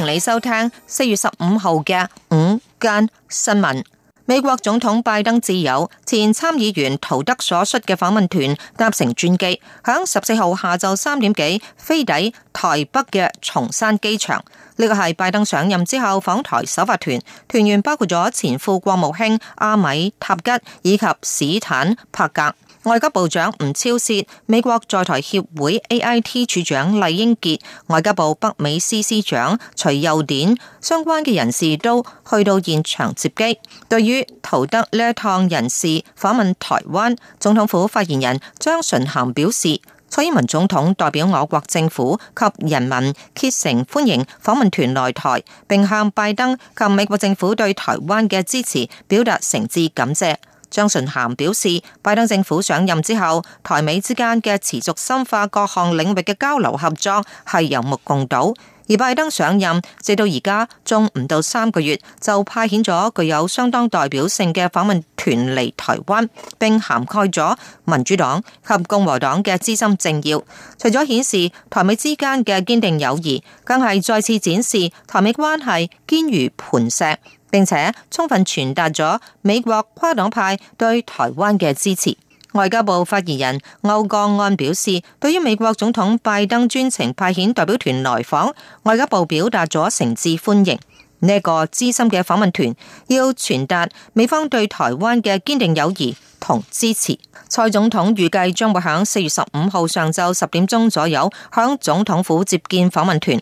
歡迎你收聽四月十五號嘅午間新聞。美國總統拜登自由、前參議員陶德所率嘅訪問團搭乘專機，響十四號下晝三點幾飛抵台北嘅松山機場。呢個係拜登上任之後訪台首發團，團員包括咗前副國務卿阿米塔吉以及史坦帕格。外交部長吳釗燮，美國在台協會 AIT 處長酈英傑、外交部北美司司長徐佑典，相關嘅人士都去到現場接機。對於陶德呢一趟人士訪問台灣，總統府發言人張惇涵表示，蔡英文總統代表我國政府及人民竭誠歡迎訪問團來台，並向拜登及美國政府對台灣嘅支持表達誠摯感謝。張純涵表示，拜登政府上任之後，台美之間嘅持續深化各項領域嘅交流合作係有目共睹。而拜登上任，直到而家仲唔到三個月，就派遣咗具有相當代表性嘅訪問團嚟台灣，並涵蓋咗民主黨及共和黨嘅資深政要。除咗顯示台美之間嘅堅定友誼，更係再次展示台美關係堅如磐石。並且充分傳達咗美國跨黨派對台灣嘅支持。外交部發言人歐江安表示，對於美國總統拜登專程派遣代表團來訪，外交部表達咗誠摯歡迎。呢、這個資深嘅訪問團要傳達美方對台灣嘅堅定友誼同支持。蔡總統預計將會響四月十五號上晝十點鐘左右，響總統府接見訪問團。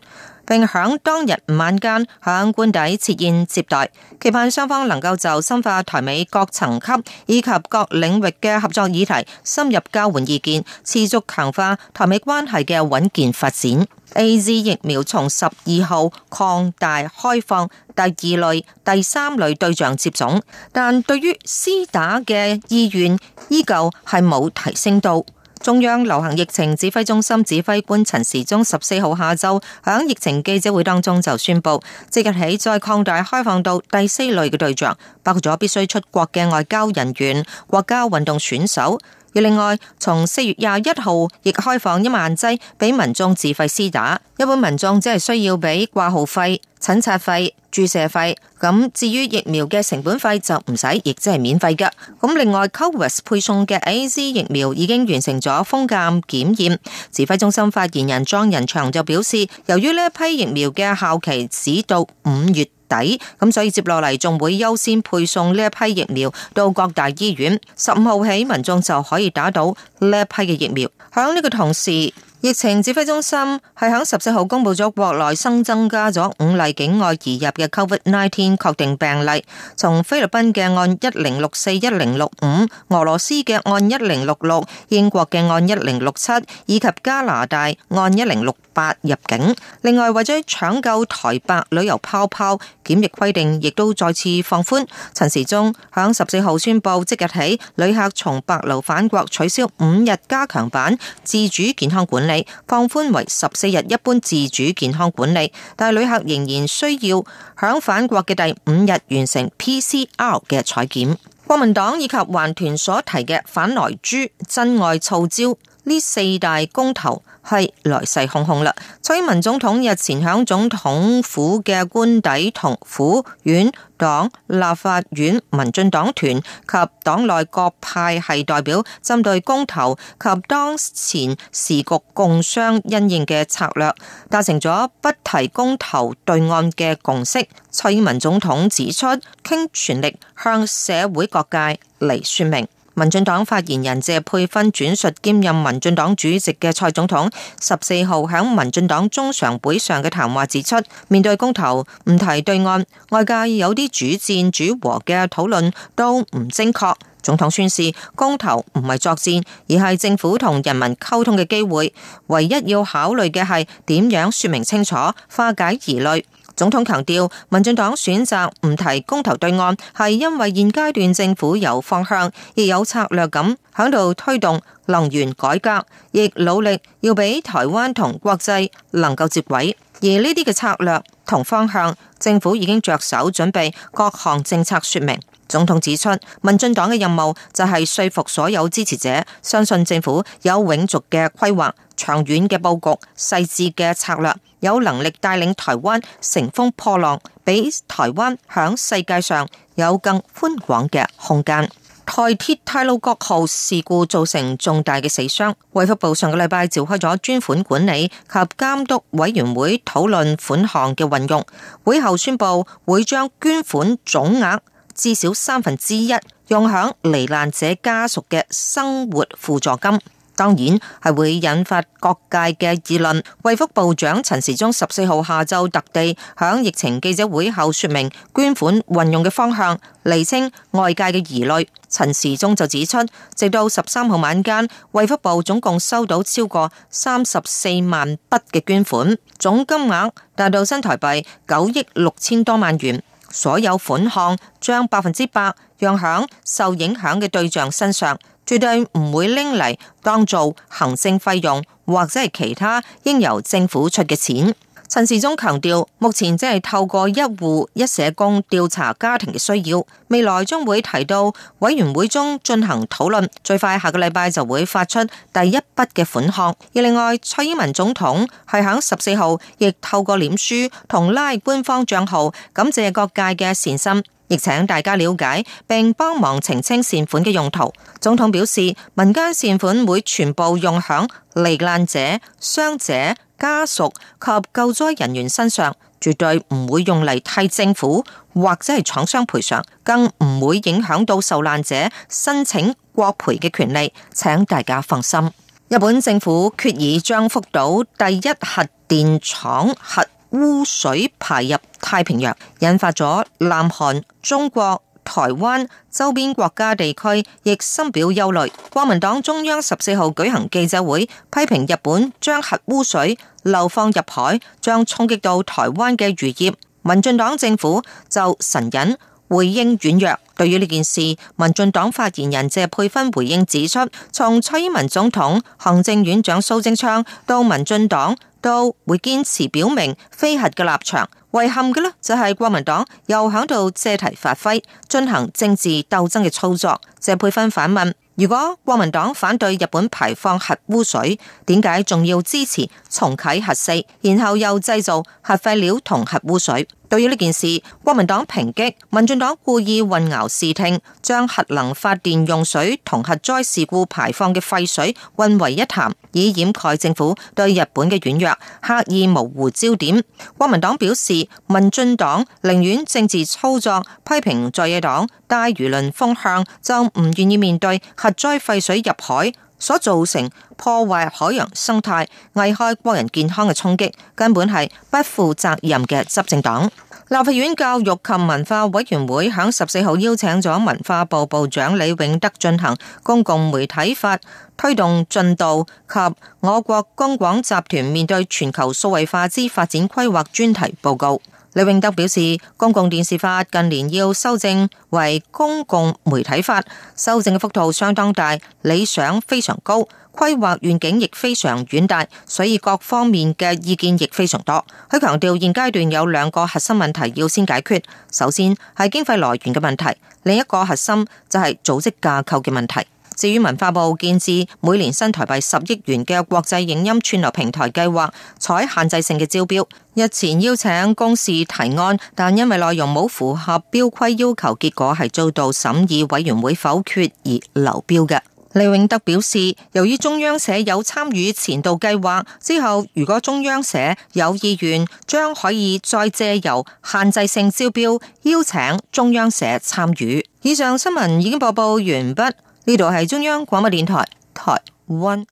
並響當日晚間響官邸設宴接待，期盼雙方能夠就深化台美各層級以及各領域嘅合作議題深入交換意見，持續強化台美關係嘅穩健發展。AZ 疫苗從十二號擴大開放第二類、第三類對象接種，但對於施打嘅意願，依舊係冇提升到。中央流行疫情指揮中心指揮官陳時中十四號下晝響疫情記者會當中就宣布，即日起再擴大開放到第四類嘅對象，包括咗必須出國嘅外交人員、國家運動選手。而另外，從四月廿一號亦開放一萬劑俾民眾自費私打，一般民眾只係需要畀掛號費、診察費、注射費。咁至於疫苗嘅成本費就唔使，亦即係免費噶。咁另外，COVAX 配送嘅 AZ 疫苗已經完成咗封鑒檢驗。指揮中心發言人莊仁祥就表示，由於呢批疫苗嘅效期只到五月。底，咁，所以接落嚟仲會優先配送呢一批疫苗到各大醫院。十五號起，民眾就可以打到呢一批嘅疫苗。響呢個同時，疫情指揮中心係響十四號公布咗國內新增加咗五例境外移入嘅 COVID-19 確定病例，從菲律賓嘅案一零六四、一零六五、俄羅斯嘅案一零六六、英國嘅案一零六七，以及加拿大案一零六。八入境。另外，為咗搶救台帛旅遊泡泡，檢疫規定亦都再次放寬。陳時中響十四號宣布，即日起旅客從帛琉返國取消五日加強版自主健康管理，放寬為十四日一般自主健康管理。但旅客仍然需要響返國嘅第五日完成 PCR 嘅採檢。國民黨以及環團所提嘅反萊豬、珍愛藻礁。呢四大公投係來勢洶洶啦。蔡英文總統日前喺總統府嘅官邸同府院黨、立法院、民進黨團及黨內各派系代表針對公投及當前時局共商因應嘅策略，達成咗不提公投對案嘅共識。蔡英文總統指出，傾全力向社會各界嚟說明。民進黨發言人謝佩芬轉述兼任民進黨主席嘅蔡總統十四號喺民進黨中常會上嘅談話指出，面對公投唔提對案，外界有啲主戰主和嘅討論都唔正確。總統宣示，公投唔係作戰，而係政府同人民溝通嘅機會，唯一要考慮嘅係點樣說明清楚，化解疑慮。總統強調，民進黨選擇唔提公投對案，係因為現階段政府有方向，亦有策略噉，喺度推動能源改革，亦努力要俾台灣同國際能夠接軌。而呢啲嘅策略同方向，政府已經着手準備各項政策說明。總統指出，民進黨嘅任務就係說服所有支持者相信政府有永續嘅規劃、長遠嘅佈局、細緻嘅策略。有能力帶領台灣乘風破浪，俾台灣響世界上有更寬廣嘅空間。台鐵太魯閣號事故造成重大嘅死傷，衛福部上個禮拜召開咗專款管理及監督委員會討論款項嘅運用，會後宣布會將捐款總額至少三分之一用響罹難者家屬嘅生活輔助金。當然係會引發各界嘅議論。衛福部長陳時中十四號下晝特地響疫情記者會後說明捐款運用嘅方向，釐清外界嘅疑慮。陳時中就指出，直到十三號晚間，衛福部總共收到超過三十四萬筆嘅捐款，總金額達到新台幣九億六千多萬元，所有款項將百分之百讓響受影響嘅對象身上。絕對唔會拎嚟當做行政費用或者係其他應由政府出嘅錢。陳時中強調，目前只係透過一戶一社工調查家庭嘅需要，未來將會提到委員會中進行討論，最快下個禮拜就會發出第一筆嘅款項。而另外，蔡英文總統係喺十四號亦透過臉書同拉官方賬號感謝各界嘅善心。亦請大家了解並幫忙澄清善款嘅用途。總統表示，民間善款會全部用響罹難者、傷者、家屬及救災人員身上，絕對唔會用嚟替政府或者係廠商賠償，更唔會影響到受難者申請國賠嘅權利。請大家放心。日本政府決議將福島第一核電廠核污水排入太平洋，引發咗南韓、中國、台灣周邊國家地區亦深表憂慮。國民黨中央十四號舉行記者會批評日本將核污水流放入海，將衝擊到台灣嘅漁業，民進黨政府就神隱。回應軟弱，對於呢件事，民進黨發言人謝佩芬回應指出：從蔡英文總統、行政院長蘇貞昌到民進黨，都會堅持表明非核嘅立場。遺憾嘅呢，就係國民黨又喺度借題發揮，進行政治鬥爭嘅操作。謝佩芬反問：如果國民黨反對日本排放核污水，點解仲要支持重啟核四，然後又製造核廢料同核污水？對於呢件事，國民黨抨擊民進黨故意混淆視聽，將核能發電用水同核災事故排放嘅廢水混為一談，以掩蓋政府對日本嘅軟弱，刻意模糊焦點。國民黨表示，民進黨寧願政治操作，批評在野黨帶輿論風向，就唔願意面對核災廢水入海所造成破壞海洋生態、危害國人健康嘅衝擊，根本係不負責任嘅執政黨。立法院教育及文化委員會喺十四號邀請咗文化部部長李永德進行公共媒體法推動進度及我國公廣集團面對全球數位化之發展規劃專題報告。李永德表示，公共電視法近年要修正為公共媒體法，修正嘅幅度相當大，理想非常高，規劃願景亦非常遠大，所以各方面嘅意見亦非常多。佢強調，現階段有兩個核心問題要先解決，首先係經費來源嘅問題，另一個核心就係組織架構嘅問題。至於文化部建置每年新台幣十億元嘅國際影音串流平台計劃，採限制性嘅招標，日前邀請公示提案，但因為內容冇符合標規要求，結果係遭到審議委員會否決而流標嘅。李永德表示，由於中央社有參與前度計劃之後，如果中央社有意願，將可以再借由限制性招標邀請中央社參與。以上新聞已經播報完畢。呢度係中央廣播電台，台灣。